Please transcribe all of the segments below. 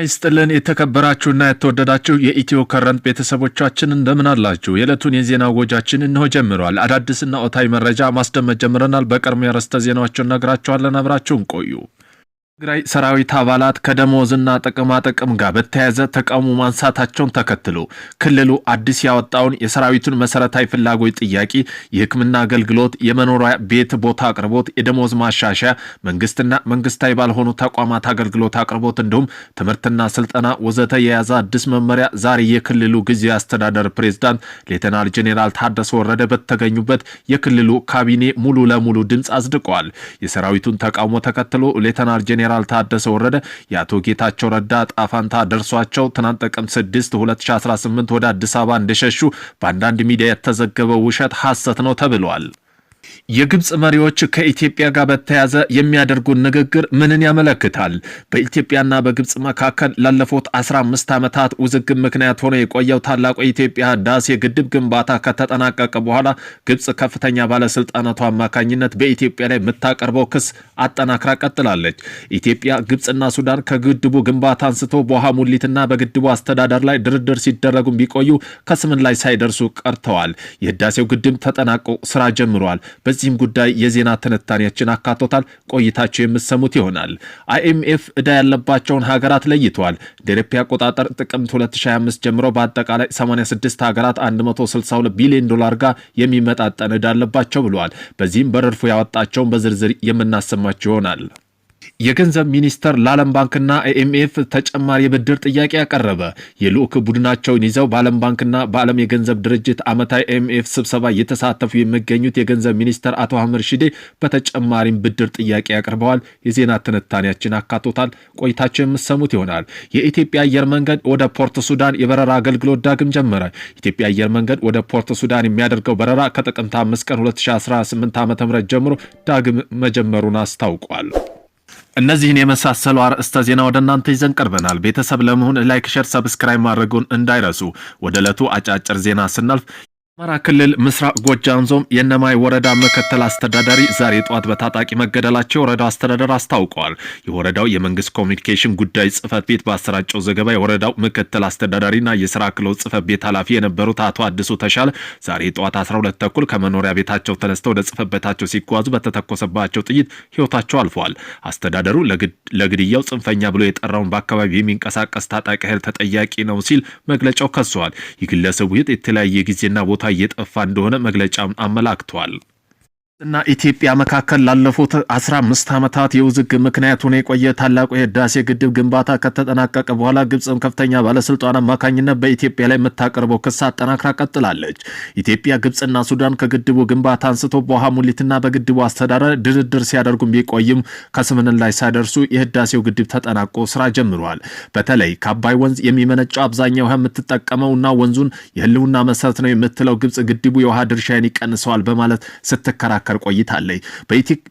ጤና ይስጥልን የተከበራችሁና የተወደዳችሁ የኢትዮ ከረንት ቤተሰቦቻችን እንደምን አላችሁ? የዕለቱን የዜና ጎጃችን እንሆ ጀምረዋል። አዳዲስና ኦታዊ መረጃ ማስደመጥ ጀምረናል። በቅድሚያ ርዕሰ ዜናዎችን ነግራችኋለን። አብራችሁን ቆዩ። ትግራይ ሰራዊት አባላት ከደሞዝና ጥቅማ ጥቅም ጋር በተያያዘ ተቃውሞ ማንሳታቸውን ተከትሎ ክልሉ አዲስ ያወጣውን የሰራዊቱን መሰረታዊ ፍላጎት ጥያቄ፣ የሕክምና አገልግሎት፣ የመኖሪያ ቤት ቦታ አቅርቦት፣ የደሞዝ ማሻሻያ፣ መንግስትና መንግስታዊ ባልሆኑ ተቋማት አገልግሎት አቅርቦት እንዲሁም ትምህርትና ስልጠና ወዘተ የያዘ አዲስ መመሪያ ዛሬ የክልሉ ጊዜ አስተዳደር ፕሬዝዳንት ሌተናል ጄኔራል ታደሰ ወረደ በተገኙበት የክልሉ ካቢኔ ሙሉ ለሙሉ ድምፅ አጽድቀዋል። የሰራዊቱን ተቃውሞ ተከትሎ ሌተናል ጄኔራል ጄኔራል ታደሰ ወረደ የአቶ ጌታቸው ረዳ ጣፋንታ ደርሷቸው ትናንት ጥቅምት 6 2018 ወደ አዲስ አበባ እንደሸሹ በአንዳንድ ሚዲያ የተዘገበው ውሸት ሐሰት ነው ተብሏል። የግብፅ መሪዎች ከኢትዮጵያ ጋር በተያዘ የሚያደርጉን ንግግር ምንን ያመለክታል? በኢትዮጵያና በግብፅ መካከል ላለፉት 15 ዓመታት ውዝግብ ምክንያት ሆኖ የቆየው ታላቁ የኢትዮጵያ ህዳሴ ግድብ ግንባታ ከተጠናቀቀ በኋላ ግብፅ ከፍተኛ ባለስልጣናቱ አማካኝነት በኢትዮጵያ ላይ የምታቀርበው ክስ አጠናክራ ቀጥላለች። ኢትዮጵያ፣ ግብፅና ሱዳን ከግድቡ ግንባታ አንስቶ በውሃ ሙሊትና በግድቡ አስተዳደር ላይ ድርድር ሲደረጉ ቢቆዩ ከስምን ላይ ሳይደርሱ ቀርተዋል። የህዳሴው ግድብ ተጠናቆ ስራ ጀምሯል። በዚህም ጉዳይ የዜና ትንታኔያችን አካቶታል። ቆይታቸው የምሰሙት ይሆናል። አይኤምኤፍ እዳ ያለባቸውን ሀገራት ለይተዋል። እንደ አቆጣጠር ጥቅምት 2025 ጀምሮ በአጠቃላይ 86 ሀገራት 162 ቢሊዮን ዶላር ጋር የሚመጣጠን እዳ አለባቸው ብለዋል። በዚህም በረድፎ ያወጣቸውን በዝርዝር የምናሰማቸው ይሆናል። የገንዘብ ሚኒስተር ለዓለም ባንክና አይኤምኤፍ ተጨማሪ የብድር ጥያቄ ያቀረበ የልዑክ ቡድናቸውን ይዘው በዓለም ባንክና በዓለም የገንዘብ ድርጅት ዓመታዊ አይኤምኤፍ ስብሰባ እየተሳተፉ የሚገኙት የገንዘብ ሚኒስተር አቶ አህመድ ሺዴ በተጨማሪም ብድር ጥያቄ ያቀርበዋል። የዜና ትንታኔያችን አካቶታል። ቆይታቸው የምሰሙት ይሆናል። የኢትዮጵያ አየር መንገድ ወደ ፖርት ሱዳን የበረራ አገልግሎት ዳግም ጀመረ። ኢትዮጵያ አየር መንገድ ወደ ፖርት ሱዳን የሚያደርገው በረራ ከጥቅምት 5 ቀን 2018 ዓ ም ጀምሮ ዳግም መጀመሩን አስታውቋል። እነዚህን የመሳሰሉ አርዕስተ ዜና ወደ እናንተ ይዘን ቀርበናል። ቤተሰብ ለመሆን ላይክ፣ ሸር፣ ሰብስክራይብ ማድረጉን እንዳይረሱ። ወደ ዕለቱ አጫጭር ዜና ስናልፍ አማራ ክልል ምስራቅ ጎጃም ዞን የእነማይ ወረዳ ምክትል አስተዳዳሪ ዛሬ ጠዋት በታጣቂ መገደላቸው የወረዳው አስተዳደር አስታውቀዋል። የወረዳው የመንግስት ኮሚኒኬሽን ጉዳይ ጽህፈት ቤት ባሰራጨው ዘገባ የወረዳው ምክትል አስተዳዳሪና የስራ ክለው ጽህፈት ቤት ኃላፊ የነበሩት አቶ አዲሱ ተሻለ ዛሬ ጠዋት 12 ተኩል ከመኖሪያ ቤታቸው ተነስተው ወደ ጽህፈት ቤታቸው ሲጓዙ በተተኮሰባቸው ጥይት ህይወታቸው አልፏል። አስተዳደሩ ለግድያው ጽንፈኛ ብሎ የጠራውን በአካባቢው የሚንቀሳቀስ ታጣቂ ኃይል ተጠያቂ ነው ሲል መግለጫው ከሷል። የግለሰቡ የተለያየ ጊዜና ቦታ እየጠፋ እንደሆነ መግለጫም አመላክቷል። እና ኢትዮጵያ መካከል ላለፉት 15 ዓመታት የውዝግብ ምክንያት ሆኖ የቆየ ታላቁ የህዳሴ ግድብ ግንባታ ከተጠናቀቀ በኋላ ግብፅም ከፍተኛ ባለስልጣን አማካኝነት በኢትዮጵያ ላይ የምታቀርበው ክስ አጠናክራ ቀጥላለች። ኢትዮጵያ፣ ግብፅና ሱዳን ከግድቡ ግንባታ አንስቶ በውሃ ሙሊትና በግድቡ አስተዳደር ድርድር ሲያደርጉም ቢቆይም ከስምምነት ላይ ሳይደርሱ የህዳሴው ግድብ ተጠናቆ ስራ ጀምሯል በተለይ ከአባይ ወንዝ የሚመነጨው አብዛኛው ውሃ የምትጠቀመው እና ወንዙን የህልውና መሰረት ነው የምትለው ግብፅ ግድቡ የውሃ ድርሻን ይቀንሰዋል በማለት ስትከራከ ስትከራከር ቆይታለች።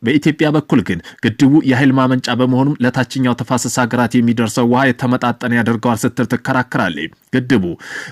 በኢትዮጵያ በኩል ግን ግድቡ የኃይል ማመንጫ በመሆኑም ለታችኛው ተፋሰስ ሀገራት የሚደርሰው ውሃ የተመጣጠነ ያደርገዋል ስትል ትከራከራለች። ግድቡ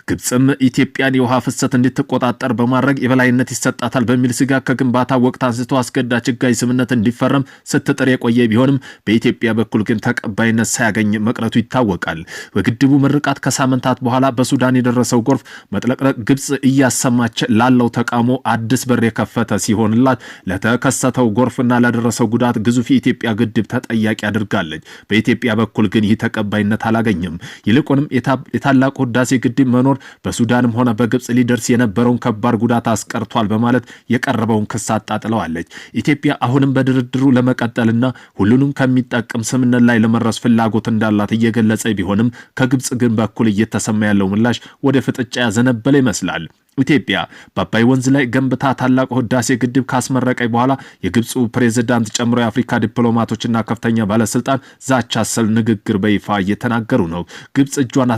ግብፅም ኢትዮጵያን የውሃ ፍሰት እንድትቆጣጠር በማድረግ የበላይነት ይሰጣታል በሚል ስጋት ከግንባታ ወቅት አንስቶ አስገዳጅ ሕጋዊ ስምምነት እንዲፈረም ስትጥር የቆየ ቢሆንም በኢትዮጵያ በኩል ግን ተቀባይነት ሳያገኝ መቅረቱ ይታወቃል። በግድቡ ምርቃት ከሳምንታት በኋላ በሱዳን የደረሰው ጎርፍ መጥለቅለቅ ግብፅ እያሰማች ላለው ተቃውሞ አዲስ በር የከፈተ ሲሆንላት ለተከሰተው ጎርፍና ለደረሰው ጉዳት ግዙፍ የኢትዮጵያ ግድብ ተጠያቂ አድርጋለች። በኢትዮጵያ በኩል ግን ይህ ተቀባይነት አላገኘም። ይልቁንም የታላቁ ህዳሴ ግድብ መኖር በሱዳንም ሆነ በግብፅ ሊደርስ የነበረውን ከባድ ጉዳት አስቀርቷል በማለት የቀረበውን ክስ አጣጥለዋለች። ኢትዮጵያ አሁንም በድርድሩ ለመቀጠልና ሁሉንም ከሚጠቅም ስምነት ላይ ለመድረስ ፍላጎት እንዳላት እየገለጸ ቢሆንም ከግብፅ ግን በኩል እየተሰማ ያለው ምላሽ ወደ ፍጥጫ ያዘነበለ ይመስላል። ኢትዮጵያ በአባይ ወንዝ ላይ ገንብታ ታላቁ ህዳሴ ግድብ ካስመረቀኝ በኋላ የግብፁ ፕሬዝዳንት ጨምሮ የአፍሪካ ዲፕሎማቶችና ከፍተኛ ባለስልጣን ዛቻ ሰል ንግግር በይፋ እየተናገሩ ነው። ግብፅ እጇን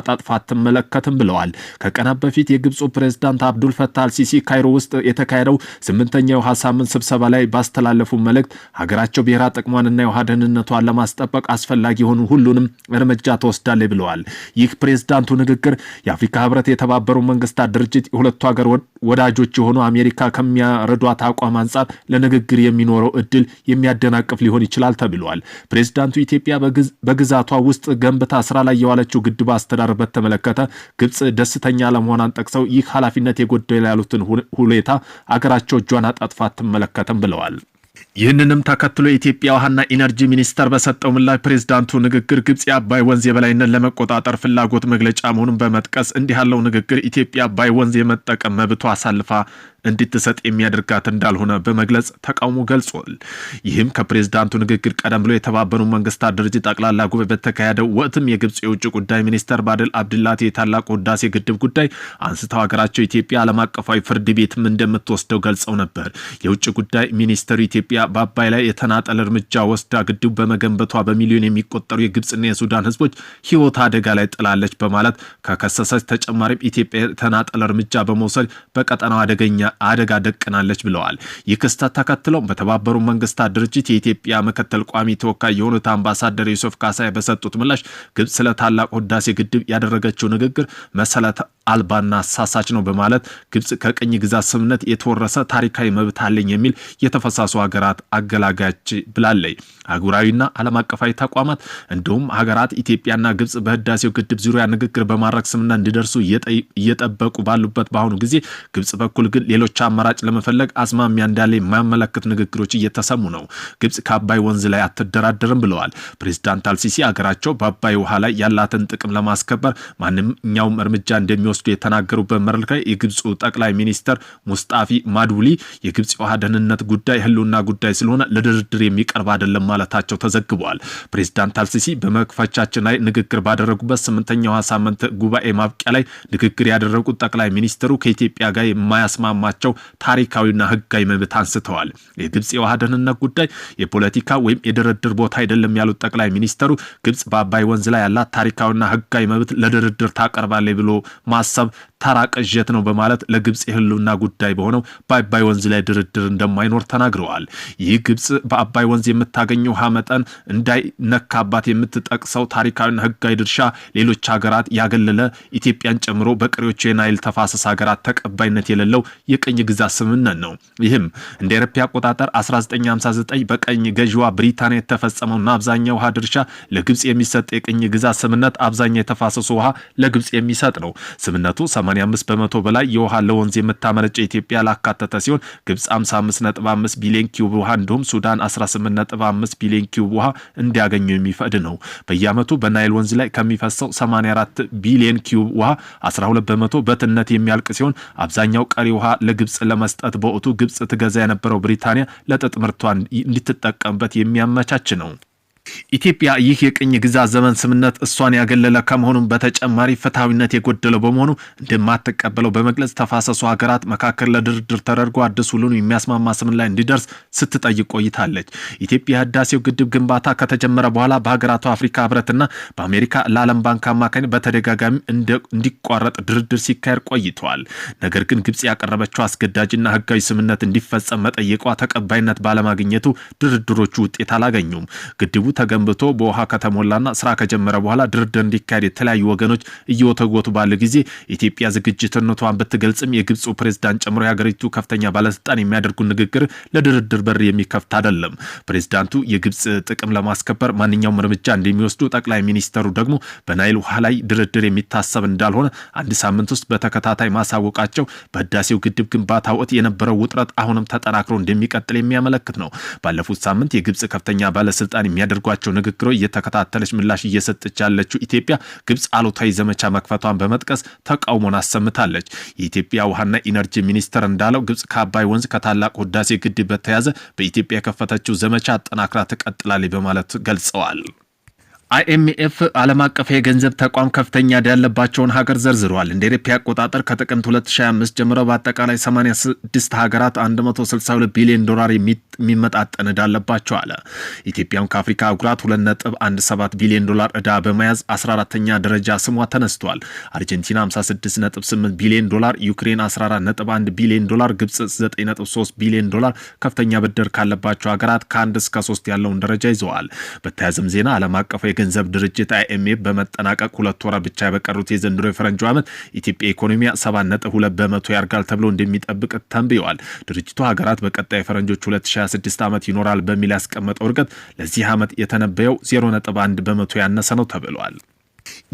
አጣጥፋ አትመለከትም ብለዋል። ከቀናት በፊት የግብፁ ፕሬዝዳንት አብዱል ፈታህ አልሲሲ ካይሮ ውስጥ የተካሄደው ስምንተኛ የውሃ ሳምንት ስብሰባ ላይ ባስተላለፉ መልእክት ሀገራቸው ብሔራዊ ጥቅሟንና የውሃ ደህንነቷን ለማስጠበቅ አስፈላጊ የሆኑ ሁሉንም እርምጃ ትወስዳለች ብለዋል። ይህ ፕሬዝዳንቱ ንግግር የአፍሪካ ህብረት የተባበሩ መንግስታት ድርጅት የሁለቱ ሀገር ወዳጆች የሆኑ አሜሪካ ከሚያረዷት አቋም አንጻር ለንግግር የሚኖረው እድል የሚያደናቅፍ ሊሆን ይችላል ተብሏል። ፕሬዚዳንቱ ኢትዮጵያ በግዛቷ ውስጥ ገንብታ ስራ ላይ የዋለችው ግድብ አስተዳደር በተመለከተ ግብጽ ደስተኛ ለመሆኗን ጠቅሰው ይህ ኃላፊነት የጎደለ ያሉትን ሁኔታ አገራቸው እጇን አጣጥፋ አትመለከትም ብለዋል። ይህንንም ተከትሎ የኢትዮጵያ ውሃና ኢነርጂ ሚኒስቴር በሰጠው ምላሽ ፕሬዝዳንቱ ንግግር ግብጽ የአባይ ወንዝ የበላይነት ለመቆጣጠር ፍላጎት መግለጫ መሆኑን በመጥቀስ እንዲህ ያለው ንግግር ኢትዮጵያ አባይ ወንዝ የመጠቀም መብቶ አሳልፋ እንድትሰጥ የሚያደርጋት እንዳልሆነ በመግለጽ ተቃውሞ ገልጿል። ይህም ከፕሬዝዳንቱ ንግግር ቀደም ብሎ የተባበሩት መንግስታት ድርጅት ጠቅላላ ጉባኤ በተካሄደው ወቅትም የግብፅ የውጭ ጉዳይ ሚኒስተር ባድል አብድላቲ የታላቁ ህዳሴ ግድብ ጉዳይ አንስተው ሀገራቸው ኢትዮጵያ ዓለም አቀፋዊ ፍርድ ቤትም እንደምትወስደው ገልጸው ነበር። የውጭ ጉዳይ ሚኒስተሩ ኢትዮጵያ በአባይ ላይ የተናጠለ እርምጃ ወስዳ ግድብ በመገንበቷ በሚሊዮን የሚቆጠሩ የግብፅና የሱዳን ህዝቦች ህይወት አደጋ ላይ ጥላለች በማለት ከከሰሰች ተጨማሪም ኢትዮጵያ የተናጠለ እርምጃ በመውሰድ በቀጠናው አደገኛ አደጋ ደቅናለች ብለዋል። ይህ ክስተት ተከትለውም በተባበሩ መንግስታት ድርጅት የኢትዮጵያ ምክትል ቋሚ ተወካይ የሆኑት አምባሳደር ዩሱፍ ካሳይ በሰጡት ምላሽ ግብፅ ስለ ታላቁ ህዳሴ ግድብ ያደረገችው ንግግር መሰረተ አልባና አሳሳች ነው በማለት ግብጽ ከቅኝ ግዛት ስምነት የተወረሰ ታሪካዊ መብት አለኝ የሚል የተፈሳሱ ሀገራት አገላጋች ብላለች። አህጉራዊና ዓለም አቀፋዊ ተቋማት እንዲሁም ሀገራት ኢትዮጵያና ግብጽ በህዳሴው ግድብ ዙሪያ ንግግር በማድረግ ስምነት እንዲደርሱ እየጠበቁ ባሉበት በአሁኑ ጊዜ ግብጽ በኩል ግን ሌሎች አማራጭ ለመፈለግ አዝማሚያ እንዳለ የማያመለክት ንግግሮች እየተሰሙ ነው። ግብጽ ከአባይ ወንዝ ላይ አትደራደርም ብለዋል። ፕሬዚዳንት አልሲሲ ሀገራቸው በአባይ ውሃ ላይ ያላትን ጥቅም ለማስከበር ማንኛውም እርምጃ እንደሚወ እንደሚወስዱ የተናገሩበት መድረክ ላይ የግብፁ ጠቅላይ ሚኒስተር ሙስጣፊ ማዱሊ የግብፅ የውሃ ደህንነት ጉዳይ ህልውና ጉዳይ ስለሆነ ለድርድር የሚቀርብ አይደለም ማለታቸው ተዘግበዋል። ፕሬዚዳንት አልሲሲ በመክፈቻችን ላይ ንግግር ባደረጉበት ስምንተኛው ሳምንት ጉባኤ ማብቂያ ላይ ንግግር ያደረጉት ጠቅላይ ሚኒስትሩ ከኢትዮጵያ ጋር የማያስማማቸው ታሪካዊና ህጋዊ መብት አንስተዋል። የግብፅ የውሃ ደህንነት ጉዳይ የፖለቲካ ወይም የድርድር ቦታ አይደለም ያሉት ጠቅላይ ሚኒስትሩ ግብፅ በአባይ ወንዝ ላይ ያላት ታሪካዊና ህጋዊ መብት ለድርድር ታቀርባለች ብሎ ማ awesome ተራ ነው በማለት ለግብፅ የህልውና ጉዳይ በሆነው በአባይ ወንዝ ላይ ድርድር እንደማይኖር ተናግረዋል። ይህ ግብፅ በአባይ ወንዝ የምታገኘው ውሃ መጠን እንዳይነካባት የምትጠቅሰው ታሪካዊና ህጋዊ ድርሻ ሌሎች ሀገራት ያገለለ ኢትዮጵያን ጨምሮ በቀሪዎቹ የናይል ተፋሰስ ሀገራት ተቀባይነት የሌለው የቅኝ ግዛት ስምምነት ነው። ይህም እንደ አውሮፓ አቆጣጠር 1959 በቀኝ ገዢዋ ብሪታንያ የተፈጸመውና አብዛኛው ውሃ ድርሻ ለግብፅ የሚሰጥ የቅኝ ግዛት ስምምነት አብዛኛው የተፋሰሱ ውሃ ለግብፅ የሚሰጥ ነው። ስምምነቱ 85 በመቶ በላይ የውሃ ለወንዝ የምታመነጭ ኢትዮጵያ ላካተተ ሲሆን ግብፅ 55.5 ቢሊዮን ኪዩብ ውሃ እንዲሁም ሱዳን 18.5 ቢሊዮን ኪዩብ ውሃ እንዲያገኙ የሚፈቅድ ነው። በየዓመቱ በናይል ወንዝ ላይ ከሚፈሰው 84 ቢሊዮን ኪዩብ ውሃ 12 በመቶ በትነት የሚያልቅ ሲሆን አብዛኛው ቀሪ ውሃ ለግብፅ ለመስጠት በወቅቱ ግብፅ ትገዛ የነበረው ብሪታንያ ለጥጥ ምርቷ እንድትጠቀምበት የሚያመቻች ነው። ኢትዮጵያ ይህ የቅኝ ግዛት ዘመን ስምነት እሷን ያገለለ ከመሆኑም በተጨማሪ ፍትሐዊነት የጎደለው በመሆኑ እንደማትቀበለው በመግለጽ ተፋሰሱ ሀገራት መካከል ለድርድር ተደርጎ አዲስ ሁሉን የሚያስማማ ስምን ላይ እንዲደርስ ስትጠይቅ ቆይታለች። ኢትዮጵያ ህዳሴው ግድብ ግንባታ ከተጀመረ በኋላ በሀገራቱ አፍሪካ ህብረትና በአሜሪካ ለዓለም ባንክ አማካኝ በተደጋጋሚ እንዲቋረጥ ድርድር ሲካሄድ ቆይተዋል። ነገር ግን ግብጽ ያቀረበችው አስገዳጅና ህጋዊ ስምነት እንዲፈጸም መጠየቋ ተቀባይነት ባለማግኘቱ ድርድሮቹ ውጤት አላገኙም። ግድቡ ተገንብቶ በውሃ ከተሞላና ስራ ከጀመረ በኋላ ድርድር እንዲካሄድ የተለያዩ ወገኖች እየወተጎቱ ባለ ጊዜ ኢትዮጵያ ዝግጅትነቷን ብትገልጽም የግብፁ ፕሬዝዳንት ጨምሮ የሀገሪቱ ከፍተኛ ባለስልጣን የሚያደርጉ ንግግር ለድርድር በር የሚከፍት አይደለም። ፕሬዝዳንቱ የግብፅ ጥቅም ለማስከበር ማንኛውም እርምጃ እንደሚወስዱ፣ ጠቅላይ ሚኒስተሩ ደግሞ በናይል ውሃ ላይ ድርድር የሚታሰብ እንዳልሆነ አንድ ሳምንት ውስጥ በተከታታይ ማሳወቃቸው በህዳሴው ግድብ ግንባታ ወቅት የነበረው ውጥረት አሁንም ተጠናክሮ እንደሚቀጥል የሚያመለክት ነው። ባለፉት ሳምንት የግብፅ ከፍተኛ ባለስልጣን የሚያደርጉ የሚያደርጓቸው ንግግሮች እየተከታተለች ምላሽ እየሰጠች ያለችው ኢትዮጵያ ግብፅ አሉታዊ ዘመቻ መክፈቷን በመጥቀስ ተቃውሞን አሰምታለች። የኢትዮጵያ ውሃና ኢነርጂ ሚኒስቴር እንዳለው ግብፅ ከአባይ ወንዝ ከታላቅ ህዳሴ ግድብ በተያዘ በኢትዮጵያ የከፈተችው ዘመቻ አጠናክራ ትቀጥላለች በማለት ገልጸዋል። አይኤምኤፍ ዓለም አቀፍ የገንዘብ ተቋም ከፍተኛ ዕዳ ያለባቸውን ሀገር ዘርዝረዋል። እንደ ኢትዮጵያ አቆጣጠር ከጥቅምት 2025 ጀምሮ በአጠቃላይ 86 ሀገራት 162 ቢሊዮን ዶላር የሚ የሚመጣጠን ዕዳ አለባቸው አለ። ኢትዮጵያም ከአፍሪካ አህጉራት 2.17 ቢሊዮን ዶላር እዳ በመያዝ 14ተኛ ደረጃ ስሟ ተነስቷል። አርጀንቲና 56.8 ቢሊዮን ዶላር፣ ዩክሬን 14.1 ቢሊዮን ዶላር፣ ግብፅ 9.3 ቢሊዮን ዶላር ከፍተኛ ብድር ካለባቸው ሀገራት ከአንድ እስከ ሶስት ያለውን ደረጃ ይዘዋል። በተያያዘም ዜና ዓለም አቀፉ የገንዘብ ድርጅት አይኤምኤፍ በመጠናቀቅ ሁለት ወራት ብቻ የበቀሩት የዘንድሮ የፈረንጆ ዓመት ኢትዮጵያ ኢኮኖሚያ 7.2 በመቶ ያርጋል ተብሎ እንደሚጠብቅ ተንብየዋል። ድርጅቱ ሀገራት በቀጣይ የፈረንጆች 2026 ዓመት ይኖራል በሚል ያስቀመጠው እድገት ለዚህ ዓመት የተነበየው 0.1 በመቶ ያነሰ ነው ተብሏል።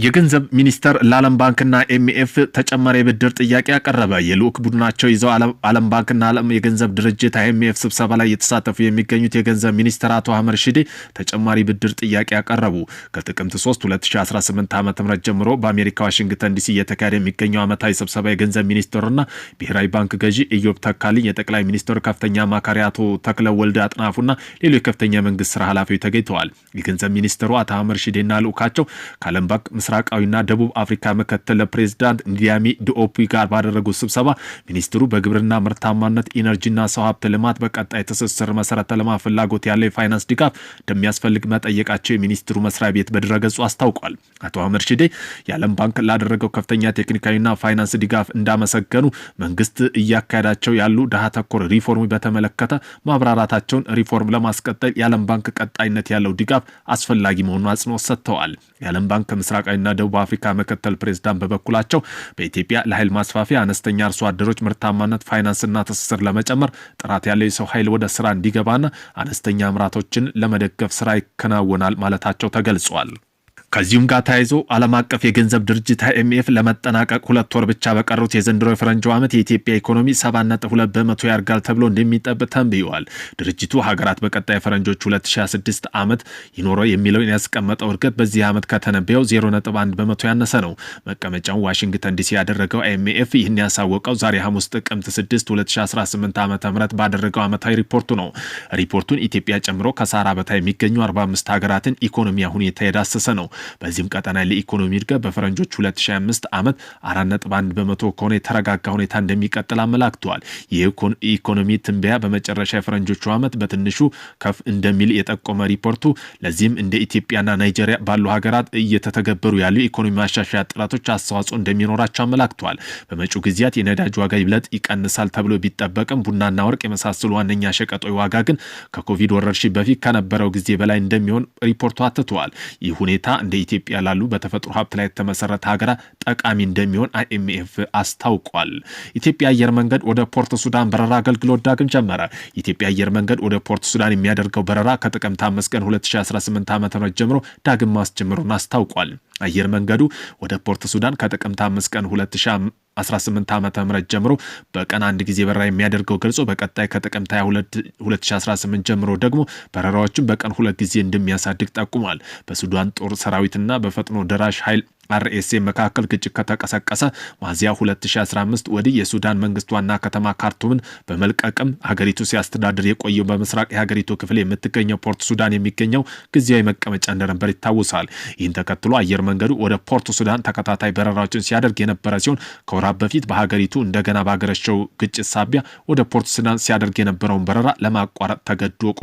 የገንዘብ ሚኒስተር ለዓለም ባንክና ኤምኤፍ ተጨማሪ የብድር ጥያቄ ያቀረበ የልዑክ ቡድናቸው ይዘው ዓለም ባንክና ዓለም የገንዘብ ድርጅት ኤምኤፍ ስብሰባ ላይ የተሳተፉ የሚገኙት የገንዘብ ሚኒስትር አቶ አህመድ ሺዴ ተጨማሪ ብድር ጥያቄ ያቀረቡ ከጥቅምት 3 2018 ዓ ም ጀምሮ በአሜሪካ ዋሽንግተን ዲሲ እየተካሄደ የሚገኘው ዓመታዊ ስብሰባ የገንዘብ ሚኒስተሩና ብሔራዊ ባንክ ገዢ ኢዮብ ተካልኝ፣ የጠቅላይ ሚኒስትሩ ከፍተኛ አማካሪ አቶ ተክለ ወልድ አጥናፉና ሌሎች ከፍተኛ መንግስት ስራ ኃላፊዎች ተገኝተዋል። የገንዘብ ሚኒስትሩ አቶ አህመድ ሺዴና ልዑካቸው ከዓለም ምስራቅ ምስራቃዊና ደቡብ አፍሪካ ምክትል ፕሬዝዳንት ንዲያሚ ዲኦፒ ጋር ባደረጉት ስብሰባ ሚኒስትሩ በግብርና ምርታማነት፣ ኢነርጂና ሰው ሀብት ልማት በቀጣይ ትስስር መሰረተ ልማት ፍላጎት ያለው የፋይናንስ ድጋፍ እንደሚያስፈልግ መጠየቃቸው የሚኒስትሩ መስሪያ ቤት በድረገጹ አስታውቋል። አቶ አህመድ ሽዴ የዓለም ባንክ ላደረገው ከፍተኛ ቴክኒካዊና ፋይናንስ ድጋፍ እንዳመሰገኑ መንግስት እያካሄዳቸው ያሉ ድሃ ተኮር ሪፎርም በተመለከተ ማብራራታቸውን ሪፎርም ለማስቀጠል የዓለም ባንክ ቀጣይነት ያለው ድጋፍ አስፈላጊ መሆኑ አጽንኦት ሰጥተዋል። የዓለም ባንክ ምስራቃዊና ደቡብ አፍሪካ ምክትል ፕሬዚዳንት በበኩላቸው በኢትዮጵያ ለኃይል ማስፋፊያ አነስተኛ አርሶ አደሮች ምርታማነት፣ ፋይናንስና ትስስር ለመጨመር ጥራት ያለው የሰው ኃይል ወደ ስራ እንዲገባና አነስተኛ ምራቶችን ለመደገፍ ስራ ይከናወናል ማለታቸው ተገልጿል። ከዚሁም ጋር ተያይዞ ዓለም አቀፍ የገንዘብ ድርጅት አይኤምኤፍ ለመጠናቀቅ ሁለት ወር ብቻ በቀሩት የዘንድሮ የፈረንጆ ዓመት የኢትዮጵያ ኢኮኖሚ 7.2 በመቶ ያድጋል ተብሎ እንደሚጠበቅ ተንብየዋል። ድርጅቱ ሀገራት በቀጣይ ፈረንጆች 2026 ዓመት ይኖረው የሚለውን ያስቀመጠው እድገት በዚህ ዓመት ከተነበየው 0.1 በመቶ ያነሰ ነው። መቀመጫውን ዋሽንግተን ዲሲ ያደረገው አይኤምኤፍ ይህን ያሳወቀው ዛሬ ሐሙስ ጥቅምት 6 2018 ዓ ም ባደረገው ዓመታዊ ሪፖርቱ ነው። ሪፖርቱን ኢትዮጵያ ጨምሮ ከሳራ በታ የሚገኙ 45 ሀገራትን ኢኮኖሚያ ሁኔታ የዳሰሰ ነው። በዚህም ቀጠና ለኢኮኖሚ እድገት በፈረንጆች 2025 ዓመት 4.1 በመቶ ከሆነ የተረጋጋ ሁኔታ እንደሚቀጥል አመላክተዋል። የኢኮኖሚ ትንበያ በመጨረሻ የፈረንጆቹ ዓመት በትንሹ ከፍ እንደሚል የጠቆመ ሪፖርቱ ለዚህም እንደ ኢትዮጵያና ናይጄሪያ ባሉ ሀገራት እየተተገበሩ ያሉ የኢኮኖሚ ማሻሻያ ጥረቶች አስተዋጽኦ እንደሚኖራቸው አመላክተዋል። በመጪው ጊዜያት የነዳጅ ዋጋ ይብለጥ ይቀንሳል ተብሎ ቢጠበቅም ቡናና ወርቅ የመሳሰሉ ዋነኛ ሸቀጦች ዋጋ ግን ከኮቪድ ወረርሽኝ በፊት ከነበረው ጊዜ በላይ እንደሚሆን ሪፖርቱ አትተዋል። ይህ ሁኔታ እንደ ኢትዮጵያ ላሉ በተፈጥሮ ሀብት ላይ የተመሰረተ ሀገራ ጠቃሚ እንደሚሆን አይኤምኤፍ አስታውቋል። ኢትዮጵያ አየር መንገድ ወደ ፖርት ሱዳን በረራ አገልግሎት ዳግም ጀመረ። የኢትዮጵያ አየር መንገድ ወደ ፖርት ሱዳን የሚያደርገው በረራ ከጥቅምት አምስት ቀን 2018 ዓ ም ጀምሮ ዳግም ማስጀመሩን አስታውቋል። አየር መንገዱ ወደ ፖርት ሱዳን ከጥቅምት አምስት ቀን 2018 ዓ ም ጀምሮ በቀን አንድ ጊዜ በረራ የሚያደርገው ገልጾ በቀጣይ ከጥቅምት 2018 ጀምሮ ደግሞ በረራዎችን በቀን ሁለት ጊዜ እንደሚያሳድግ ጠቁሟል። በሱዳን ጦር ሰራዊትና በፈጥኖ ደራሽ ኃይል አርኤስኤ መካከል ግጭት ከተቀሰቀሰ ሚያዝያ 2015 ወዲህ የሱዳን መንግስት ዋና ከተማ ካርቱምን በመልቀቅም ሀገሪቱ ሲያስተዳድር የቆየው በምስራቅ የሀገሪቱ ክፍል የምትገኘው ፖርት ሱዳን የሚገኘው ጊዜያዊ መቀመጫ እንደነበር ይታወሳል። ይህን ተከትሎ አየር መንገዱ ወደ ፖርት ሱዳን ተከታታይ በረራዎችን ሲያደርግ የነበረ ሲሆን ከወራት በፊት በሀገሪቱ እንደገና ባገረሸው ግጭት ሳቢያ ወደ ፖርት ሱዳን ሲያደርግ የነበረውን በረራ ለማቋረጥ ተገዶ